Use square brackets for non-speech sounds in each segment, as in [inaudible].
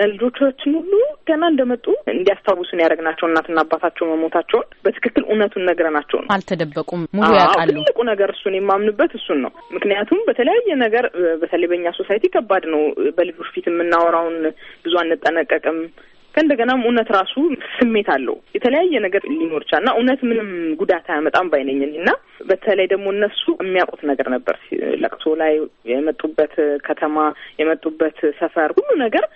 ለልጆቻችን ሁሉ ገና እንደመጡ እንዲያስታውሱን ያደረግናቸው እናትና አባታቸው መሞታቸውን በትክክል እውነቱን ነግረናቸው ነው። አልተደበቁም፣ ሙሉ ያውቃሉ። ትልቁ ነገር እሱን የማምንበት እሱን ነው። ምክንያቱም በተለያየ ነገር በተለይ በእኛ ሶሳይቲ ከባድ ነው። በልጆች ፊት የምናወራውን ብዙ አንጠነቀቅም። ከእንደገናም እውነት ራሱ ስሜት አለው። የተለያየ ነገር ሊኖር ይችላል እና እውነት ምንም ጉዳት አያመጣም ባይነኝን እና በተለይ ደግሞ እነሱ የሚያውቁት ነገር ነበር። ለቅሶ ላይ የመጡበት ከተማ፣ የመጡበት ሰፈር ሁሉ ነገር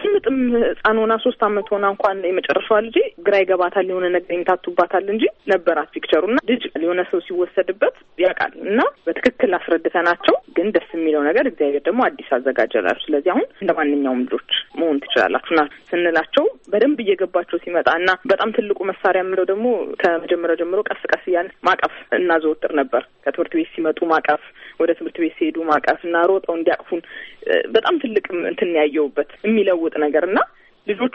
ትምጥም ህጻን ሆና ሶስት አመት ሆና እንኳን የመጨረሻዋ ልጄ ግራ ይገባታል፣ የሆነ ነገር ይምታቱባታል እንጂ ነበራት ፒክቸሩ እና ልጅ የሆነ ሰው ሲወሰድበት ያውቃል እና በትክክል አስረድተናቸው ግን ደስ የሚለው ነገር እግዚአብሔር ደግሞ አዲስ አዘጋጀላችሁ፣ ስለዚህ አሁን እንደ ማንኛውም ልጆች መሆን ትችላላችሁ ና ስንላቸው በደንብ እየገባቸው ሲመጣ እና በጣም ትልቁ መሳሪያ የምለው ደግሞ ከመጀመሪያው ጀምሮ ቀስ ቀስ እያልን ማቀፍ እናዘወትር ነበር። ከትምህርት ቤት ሲመጡ ማቀፍ፣ ወደ ትምህርት ቤት ሲሄዱ ማቀፍ እና ሮጠው እንዲያቅፉን በጣም ትልቅ እንትን ያየውበት የሚለው የሚለውጥ ነገር እና ልጆቹ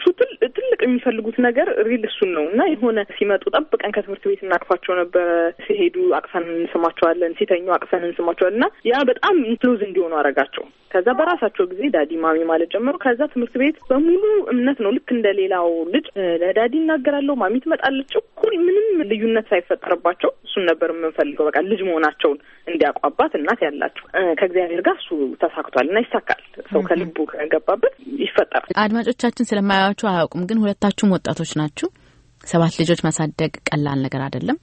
ትልቅ የሚፈልጉት ነገር ሪል እሱን ነው እና የሆነ ሲመጡ ጠብቀን ከትምህርት ቤት እናቅፋቸው ነበረ። ሲሄዱ አቅፈን እንስማቸዋለን፣ ሲተኙ አቅፈን እንስማቸዋለን እና ያ በጣም ኢንክሉዝ እንዲሆኑ አረጋቸው። ከዛ በራሳቸው ጊዜ ዳዲ ማሚ ማለት ጀምሮ ከዛ ትምህርት ቤት በሙሉ እምነት ነው። ልክ እንደ ሌላው ልጅ ለዳዲ እናገራለሁ፣ ማሚ ትመጣለች። እኩል ምንም ልዩነት ሳይፈጠርባቸው እሱን ነበር የምንፈልገው። በቃ ልጅ መሆናቸውን እንዲያቋባት እናት ያላቸው ከእግዚአብሔር ጋር እሱ ተሳክቷል እና ይሳካል። ሰው ከልቡ ከገባበት ይፈጠራል። አድማጮቻችን ስለማያዋቸው አያውቁም፣ ግን ሁለታችሁም ወጣቶች ናችሁ። ሰባት ልጆች ማሳደግ ቀላል ነገር አይደለም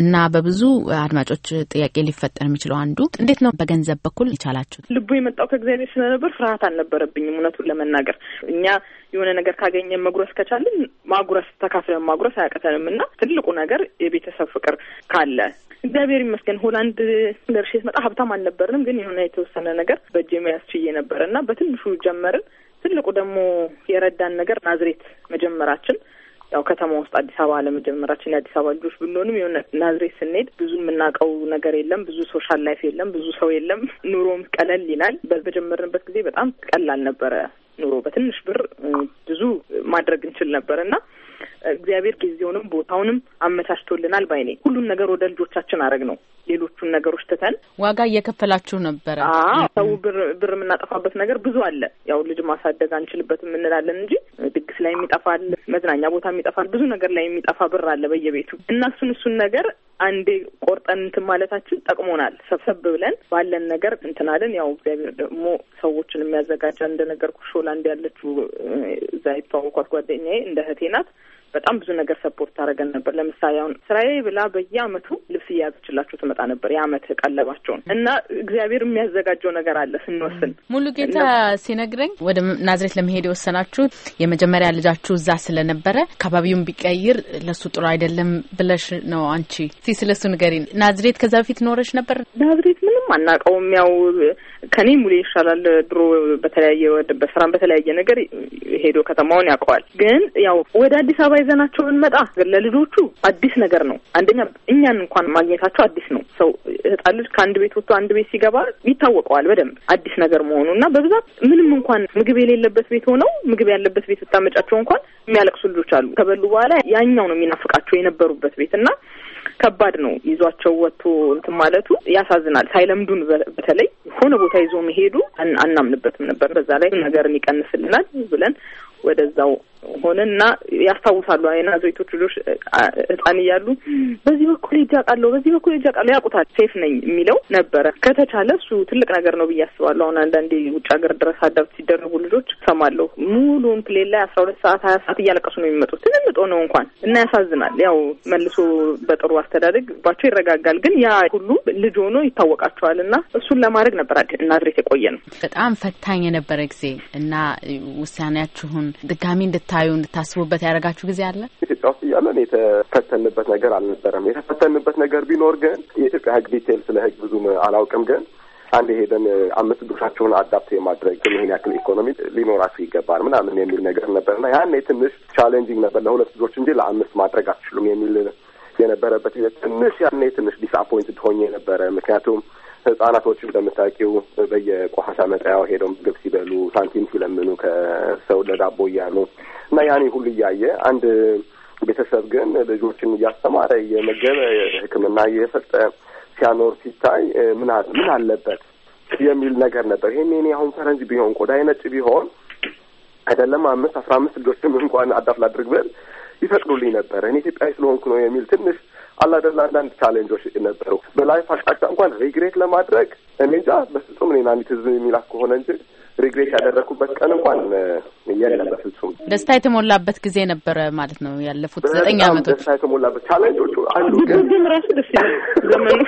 እና በብዙ አድማጮች ጥያቄ ሊፈጠር የሚችለው አንዱ እንዴት ነው በገንዘብ በኩል የቻላችሁት? ልቡ የመጣው ከእግዚአብሔር ስለነበር ፍርሃት አልነበረብኝም። እውነቱን ለመናገር እኛ የሆነ ነገር ካገኘን መጉረስ ከቻልን ማጉረስ ተካፍለን ማጉረስ አያቀተንም እና ትልቁ ነገር የቤተሰብ ፍቅር ካለ እግዚአብሔር ይመስገን ሆላንድ ደርሼ ስመጣ ሀብታም አልነበርንም፣ ግን የሆነ የተወሰነ ነገር በእጅ መያዝ ችዬ ነበር እና በትንሹ ጀመርን። ትልቁ ደግሞ የረዳን ነገር ናዝሬት መጀመራችን ያው ከተማ ውስጥ አዲስ አበባ ለመጀመራችን የአዲስ አበባ ልጆች ብንሆንም የሆነ ናዝሬት ስንሄድ ብዙ የምናውቀው ነገር የለም፣ ብዙ ሶሻል ላይፍ የለም፣ ብዙ ሰው የለም። ኑሮም ቀለል ይላል። በጀመርንበት ጊዜ በጣም ቀላል ነበረ ኑሮ። በትንሽ ብር ብዙ ማድረግ እንችል ነበር እና እግዚአብሔር ጊዜውንም ቦታውንም አመቻችቶልናል ባይኔ ሁሉን ነገር ወደ ልጆቻችን አረግ ነው። ሌሎቹን ነገሮች ትተን ዋጋ እየከፈላችሁ ነበረ። ሰው ብር ብር የምናጠፋበት ነገር ብዙ አለ። ያው ልጅ ማሳደግ አንችልበትም እንላለን እንጂ ድግስ ላይ የሚጠፋል፣ መዝናኛ ቦታ የሚጠፋል፣ ብዙ ነገር ላይ የሚጠፋ ብር አለ በየቤቱ እና እሱን እሱን ነገር አንዴ ቆርጠን እንትን ማለታችን ጠቅሞናል። ሰብሰብ ብለን ባለን ነገር እንትናለን። ያው እግዚአብሔር ደግሞ ሰዎችን የሚያዘጋጃ እንደነገርኩሽ ሆላንድ ያለችው እዛ የተዋወኳት ጓደኛዬ እንደ እህቴ ናት። በጣም ብዙ ነገር ሰፖርት ታደረገን ነበር። ለምሳሌ አሁን ስራዬ ብላ በየአመቱ እያዘችላቸው ትመጣ ነበር የአመት ቀለባቸውን እና እግዚአብሔር የሚያዘጋጀው ነገር አለ ስንወስን። ሙሉ ጌታ ሲነግረኝ ወደ ናዝሬት ለመሄድ የወሰናችሁ የመጀመሪያ ልጃችሁ እዛ ስለነበረ አካባቢውን ቢቀይር ለሱ ጥሩ አይደለም ብለሽ ነው አንቺ። እስኪ ስለሱ ንገሪ። ናዝሬት ከዛ በፊት ኖረሽ ነበር? ናዝሬት ምንም አናውቀውም። ያው ከኔ ሙሉ ይሻላል ድሮ በተለያየ በስራም በተለያየ ነገር ሄዶ ከተማውን ያውቀዋል። ግን ያው ወደ አዲስ አበባ ይዘናቸው ብንመጣ ለልጆቹ አዲስ ነገር ነው። አንደኛ እኛን እንኳን ማግኘታቸው አዲስ ነው። ሰው ህጻን ልጅ ከአንድ ቤት ወጥቶ አንድ ቤት ሲገባ ይታወቀዋል በደንብ አዲስ ነገር መሆኑ እና በብዛት ምንም እንኳን ምግብ የሌለበት ቤት ሆነው ምግብ ያለበት ቤት ብታመጫቸው እንኳን የሚያለቅሱ ልጆች አሉ። ከበሉ በኋላ ያኛው ነው የሚናፍቃቸው የነበሩበት ቤት እና ከባድ ነው ይዟቸው ወጥቶ እንትን ማለቱ ያሳዝናል። ሳይለምዱን በተለይ ሆነ ቦታ ይዞ መሄዱ አናምንበትም ነበር። በዛ ላይ ነገርን ይቀንስልናል ብለን ወደዛው ሆነ እና ያስታውሳሉ። የናዝሬቶች ልጆች ህጻን እያሉ በዚህ በኩል ሄጄ አውቃለሁ፣ በዚህ በኩል ሄጄ አውቃለሁ ያውቁታል። ሴፍ ነኝ የሚለው ነበረ። ከተቻለ እሱ ትልቅ ነገር ነው ብዬ አስባለሁ። አሁን አንዳንዴ ውጭ ሀገር ድረስ አዳብት ሲደረጉ ልጆች ሰማለሁ። ሙሉን ፕሌን ላይ አስራ ሁለት ሰዓት ሀያ ሰዓት እያለቀሱ ነው የሚመጡት ትንምጦ ነው እንኳን እና ያሳዝናል። ያው መልሶ በጥሩ አስተዳደግ ባቸው ይረጋጋል። ግን ያ ሁሉ ልጅ ሆኖ ይታወቃቸዋል እና እሱን ለማድረግ ነበር ናዝሬት የቆየ ነው። በጣም ፈታኝ የነበረ ጊዜ እና ውሳኔያችሁን ድጋሚ እንድታዩ እንድታስቡበት መሰረት ያደረጋችሁ ጊዜ አለ? ኢትዮጵያ ውስጥ እያለን የተፈተንበት ነገር አልነበረም። የተፈተንበት ነገር ቢኖር ግን የኢትዮጵያ ሕግ ዲቴል ስለ ሕግ ብዙም አላውቅም ግን አንድ ሄደን አምስት ድርሻቸውን አዳፕት የማድረግ ይህን ያክል ኢኮኖሚ ሊኖራችሁ ይገባል ምናምን የሚል ነገር ነበርና ያኔ ትንሽ ቻሌንጂንግ ነበር ለሁለት ልጆች እንጂ ለአምስት ማድረግ አትችሉም የሚል የነበረበት ጊዜ ትንሽ ያኔ ትንሽ ዲስአፖይንትድ ሆኜ ነበረ። ምክንያቱም ህጻናቶችም እንደምታውቂው በየቆሻሻ መጣያው ሄደው ምግብ ሲበሉ ሳንቲም ሲለምኑ ከሰው ለዳቦ እያሉ እና ያኔ ሁሉ እያየ አንድ ቤተሰብ ግን ልጆችን እያስተማረ የመገበ ሕክምና እየሰጠ ሲያኖር ሲታይ ምን አለበት የሚል ነገር ነበር። ይሄን እኔ አሁን ፈረንጅ ቢሆን ቆዳዬ ነጭ ቢሆን አይደለም አምስት አስራ አምስት ልጆችም እንኳን አዳር ላድርግ ብል ይፈቅዱልኝ ነበር። እኔ ኢትዮጵያዊ ስለሆንኩ ነው የሚል ትንሽ አላደለ አንዳንድ ቻሌንጆች ነበሩ። በላይፍ አቅጣጫ እንኳን ሪግሬት ለማድረግ እኔ እንጃ በፍጹም እኔ ናኒ ትዝ የሚላክ ከሆነ እንጂ ሪግሬት ያደረግኩበት ቀን እንኳን የለም። በፍጹም ደስታ የተሞላበት ጊዜ ነበረ ማለት ነው። ያለፉት ዘጠኝ አመቶች ደስታ የተሞላበት ቻሌንጆቹ አሉ፣ ግን ራሱ ደስ ይላል ዘመኑ።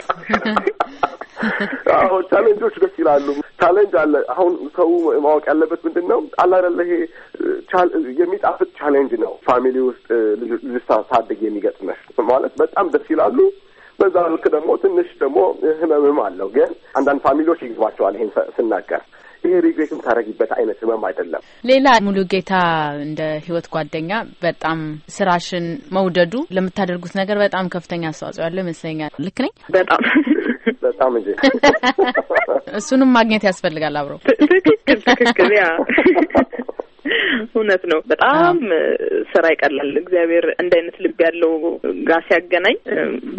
አዎ ቻሌንጆች ደስ ይላሉ። ቻሌንጅ አለ። አሁን ሰው ማወቅ ያለበት ምንድን ነው አለ አይደለ? ይሄ የሚጣፍጥ ቻሌንጅ ነው። ፋሚሊ ውስጥ ልጅ ሳድግ የሚገጥመሽ ማለት በጣም ደስ ይላሉ። በዛ ልክ ደግሞ ትንሽ ደግሞ ህመምም አለው። ግን አንዳንድ ፋሚሊዎች ይግባቸዋል ይሄን ስናገር ይሄ ሪግሬት የምታደርጊበት አይነት ህመም አይደለም። ሌላ ሙሉ ጌታ እንደ ህይወት ጓደኛ በጣም ስራሽን መውደዱ ለምታደርጉት ነገር በጣም ከፍተኛ አስተዋጽኦ ያለው ይመስለኛል። ልክ ነኝ? በጣም በጣም እንጂ [laughs] እሱንም ማግኘት ያስፈልጋል አብረው ትክክል ትክክል ያ እውነት ነው። በጣም ስራ ይቀላል። እግዚአብሔር እንደ አይነት ልብ ያለው ጋር ሲያገናኝ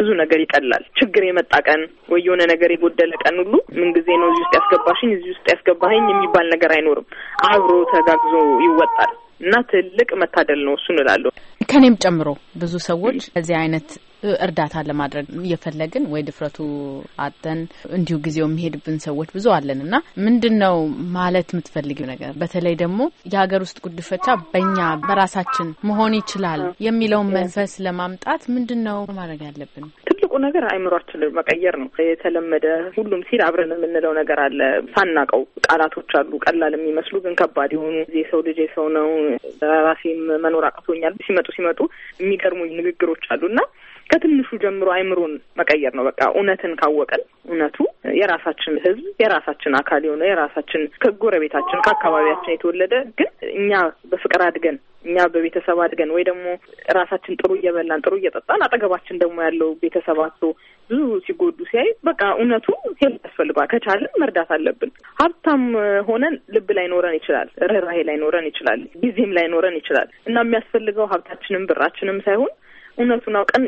ብዙ ነገር ይቀላል። ችግር የመጣ ቀን ወይ የሆነ ነገር የጎደለ ቀን ሁሉ ምን ጊዜ ነው እዚህ ውስጥ ያስገባሽኝ እዚህ ውስጥ ያስገባኸኝ የሚባል ነገር አይኖርም። አብሮ ተጋግዞ ይወጣል እና ትልቅ መታደል ነው እሱ እንላለሁ። ከኔም ጨምሮ ብዙ ሰዎች ከዚህ አይነት እርዳታ ለማድረግ እየፈለግን ወይ ድፍረቱ አጠን እንዲሁ ጊዜው የሚሄድብን ሰዎች ብዙ አለን እና ምንድን ነው ማለት የምትፈልጊው ነገር በተለይ ደግሞ የሀገር ውስጥ ጉድፈቻ በእኛ በራሳችን መሆን ይችላል የሚለውን መንፈስ ለማምጣት ምንድን ነው ማድረግ ያለብን? ነገር አይምሯችን መቀየር ነው። የተለመደ ሁሉም ሲል አብረን የምንለው ነገር አለ። ሳናቀው ቃላቶች አሉ፣ ቀላል የሚመስሉ ግን ከባድ የሆኑ የሰው ልጅ የሰው ነው። ራሴም መኖር አቅቶኛል ሲመጡ ሲመጡ የሚገርሙኝ ንግግሮች አሉ እና ከትንሹ ጀምሮ አይምሮን መቀየር ነው። በቃ እውነትን ካወቀን እውነቱ የራሳችን ህዝብ የራሳችን አካል የሆነ የራሳችን ከጎረቤታችን ከአካባቢያችን የተወለደ ግን እኛ በፍቅር አድገን እኛ በቤተሰብ አድገን ወይ ደግሞ ራሳችን ጥሩ እየበላን ጥሩ እየጠጣን አጠገባችን ደግሞ ያለው ቤተሰብ አቶ ብዙ ሲጎዱ ሲያይ በቃ እውነቱ ሄል ያስፈልገዋል። ከቻልን መርዳት አለብን። ሀብታም ሆነን ልብ ኖረን ይችላል፣ ርኅራሄ ላይኖረን ይችላል፣ ጊዜም ላይኖረን ይችላል እና የሚያስፈልገው ሀብታችንም ብራችንም ሳይሆን እውነቱ ነው ቀን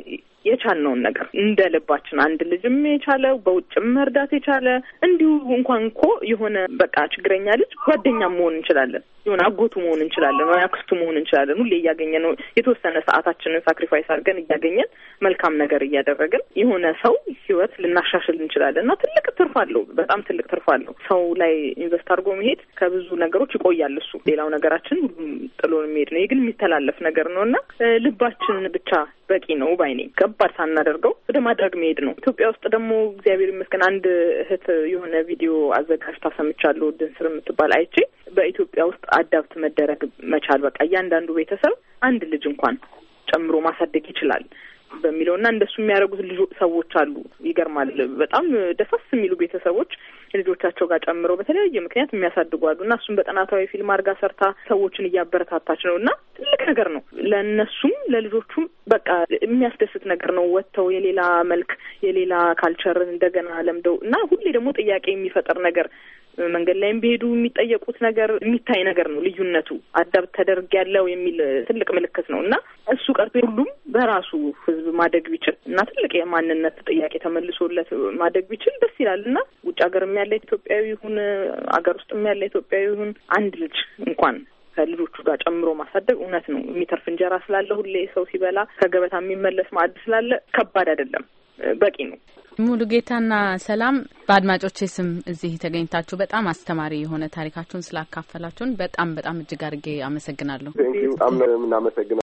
የቻልነውን ነገር እንደ ልባችን አንድ ልጅም የቻለ በውጭም መርዳት የቻለ እንዲሁ እንኳን እኮ የሆነ በቃ ችግረኛ ልጅ ጓደኛም መሆን እንችላለን፣ የሆነ አጎቱ መሆን እንችላለን፣ ወይ አክስቱ መሆን እንችላለን። ሁሌ እያገኘ ነው የተወሰነ ሰዓታችንን ሳክሪፋይስ አድርገን እያገኘን መልካም ነገር እያደረግን የሆነ ሰው ህይወት ልናሻሽል እንችላለን እና ትልቅ ትርፍ አለው፣ በጣም ትልቅ ትርፍ አለው። ሰው ላይ ኢንቨስት አድርጎ መሄድ ከብዙ ነገሮች ይቆያል። እሱ ሌላው ነገራችን ሁሉም ጥሎን የሚሄድ ነው፣ ግን የሚተላለፍ ነገር ነው እና ልባችንን ብቻ በቂ ነው ባይኔ ከባድ ሳናደርገው ወደ ማድረግ መሄድ ነው። ኢትዮጵያ ውስጥ ደግሞ እግዚአብሔር ይመስገን አንድ እህት የሆነ ቪዲዮ አዘጋጅታ ሰምቻለሁ። ድንስር የምትባል አይቼ በኢትዮጵያ ውስጥ አዳብት መደረግ መቻል በቃ እያንዳንዱ ቤተሰብ አንድ ልጅ እንኳን ጨምሮ ማሳደግ ይችላል በሚለው እና እንደሱ የሚያደርጉት ልጆ ሰዎች አሉ። ይገርማል። በጣም ደሳስ የሚሉ ቤተሰቦች ልጆቻቸው ጋር ጨምሮ በተለያየ ምክንያት የሚያሳድጉ አሉ እና እሱም በጥናታዊ ፊልም አድርጋ ሰርታ ሰዎችን እያበረታታች ነው እና ትልቅ ነገር ነው ለእነሱም ለልጆቹም በቃ የሚያስደስት ነገር ነው። ወጥተው የሌላ መልክ የሌላ ካልቸርን እንደገና ለምደው እና ሁሌ ደግሞ ጥያቄ የሚፈጠር ነገር መንገድ ላይም ቢሄዱ የሚጠየቁት ነገር የሚታይ ነገር ነው። ልዩነቱ አዳብት ተደርግ ያለው የሚል ትልቅ ምልክት ነው እና እሱ ቀርቶ ሁሉም በራሱ ህዝብ ማደግ ቢችል እና ትልቅ የማንነት ጥያቄ ተመልሶለት ማደግ ቢችል ደስ ይላል እና ውጭ ሀገር ያለ ኢትዮጵያዊ ይሁን አገር ውስጥም ያለ ኢትዮጵያዊ ይሁን አንድ ልጅ እንኳን ከልጆቹ ጋር ጨምሮ ማሳደግ እውነት ነው። የሚተርፍ እንጀራ ስላለ ሁሌ ሰው ሲበላ ከገበታ የሚመለስ ማዕድ ስላለ ከባድ አይደለም፣ በቂ ነው። ሙሉጌታና ሰላም በአድማጮቼ ስም እዚህ የተገኝታችሁ በጣም አስተማሪ የሆነ ታሪካችሁን ስላካፈላችሁን በጣም በጣም እጅግ አድርጌ አመሰግናለሁ።